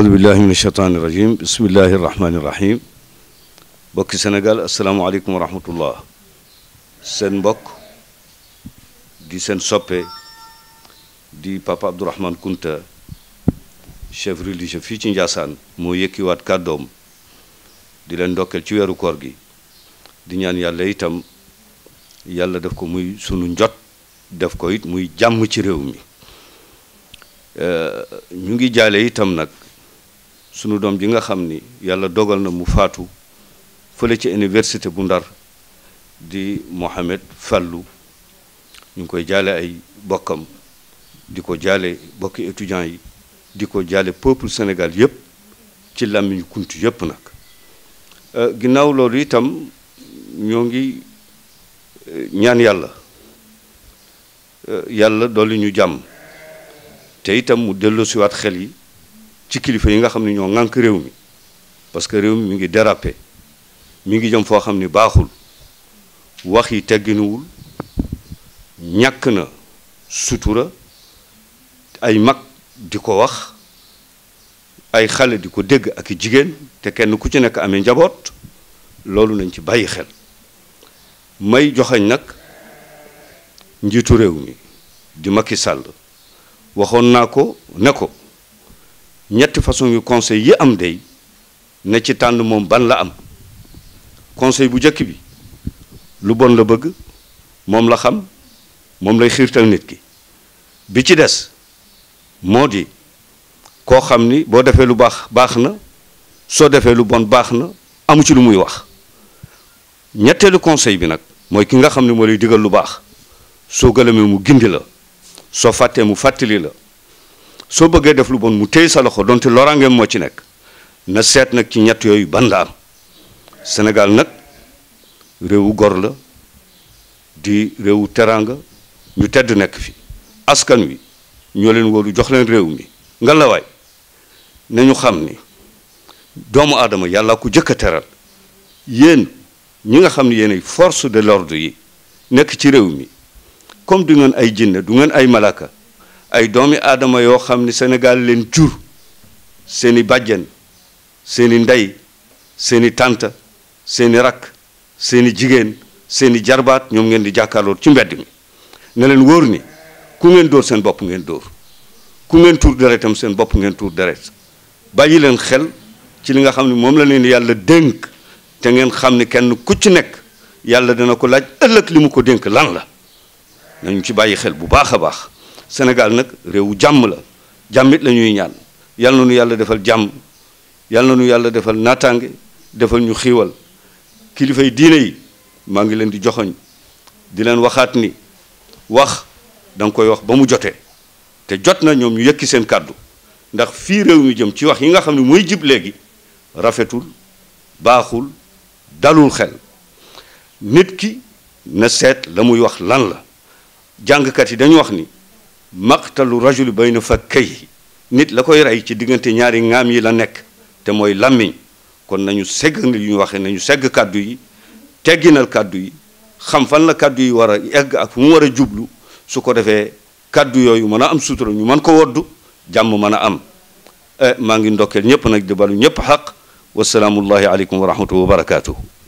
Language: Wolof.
audu billahi min asheytaani irajim bismillahi irrahmani irrahim bokki Sénégal asalaamaaleykum wa rahmatullah seen mbokk di seen soppe di papa Abdourahmane Kounta chef religieux fii ci Njaasaan moo yëkkiwaat kàddoom di leen ndokkeel ci weeru koor gi di ñaan yàlla itam yàlla def ko muy sunu njot def ko it muy jàmm ci réew mi euh, ñu ngi jaale itam nag sunu doom ji nga xam ni yàlla dogal na mu faatu fële ci université bu ndar di Mohamed Fallou ñu ngi koy jaale ay bokkam di ko jaale bokki étudiants yi di ko jaale peuple Sénégal yépp ci làmmiñu kunt yépp nag euh, ginnaaw loolu itam ñoo ngi euh, ñaan yàlla euh, yàlla dolli ñu jàmm te itam mu delloosiwaat xel yi ci kilifa yi nga xam ne ñoo ŋànk réew mi parce que réew mi mi ngi déraper mi ngi jëm foo xam ni baaxul wax yi tegginuwul ñàkk na sutura ay mag di ko wax ay xale di ko dégg ak jigéen te kenn ku ci nekk amee njaboot loolu nañ ci bàyyi xel may joxañ nag njiitu réew mi di Macky sàll waxoon naa ko ne ko ñetti façon yu conseil yi am day ne ci tànn moom ban la am conseil bu njëkk bi lu bon la bëgg moom la xam moom lay xiirtal nit ki bi ci des moo di koo xam ni boo defee lu baax baax na soo defee lu bon baax na amu ci lu muy wax ñetteelu conseil bi nag mooy ki nga xam ne moo lay digal lu baax soo gëlëmee mu gindi la soo fàttee mu fàttali la soo bëggee def lu bon mu téy sa loxo donte loraangeem moo ci nekk na seet nag ci ñett yooyu ban la am Sénégal nag réewu gor la di réewu teraanga ñu tedd nekk fi askan wi ñoo leen wóolu jox leen réew mi nga la waay nañu xam ni doomu aadama yàlla ku jëkk a teral yéen ñi nga xam ne yéenay force de l'ordre yi nekk ci réew mi comme du ngeen ay jinne du ngeen ay malaka ay doomi aadama yoo xam ni Sénégal leen jur seeni bàjjen seeni ndey seeni tànta seeni rakk seeni jigéen seeni jarbaat ñoom ngeen di jàkkaarloo ci mbedd mi ne leen wóor ni ku ngeen dóor seen bopp ngeen dóor ku ngeen tuur deretam seen bopp ngeen tuur deret bàyyi leen xel ci li nga xam ne moom la leen yàlla dénk te ngeen xam ne kenn ku ci nekk yàlla dana ko laaj ëllëg li mu ko dénk lan la nañu ci bàyyi xel bu baax a baax Sénégal nag réewu jàmm la jàmmit la ñuy ñaan yal na nu yàlla defal jàmm yal na nu yàlla defal naataange defal ñu xiiwal kilifay diine yi maa ngi leen di joxoñ di leen waxaat ni wax da koy wax ba mu jotee te jot na ñoom ñu yëkki seen kàddu ndax fii réew mi jëm ci wax yi nga xam ni mooy jib léegi rafetul baaxul dalul xel nit ki na seet la muy wax lan la jàngkat yi dañu wax ni maqtalu rajul bayna fakkayhi nit la koy rey ci diggante ñaari ngaam yi la nekk te mooy làmmiñ kon nañu segg yu ñu waxee nañu segg kàddu yi tegginal kàddu yi xam fan la kàddu yi war a egg ak fu mu war a jublu su ko defee kàddu yooyu mën a am sutura ñu mën ko woddu jàmm mën a am eh, maa ngi ndokkeel ñëpp nag di balu ñëpp xaq wasalaamullahi aleykum wa rahmatuhu wa barakatuhu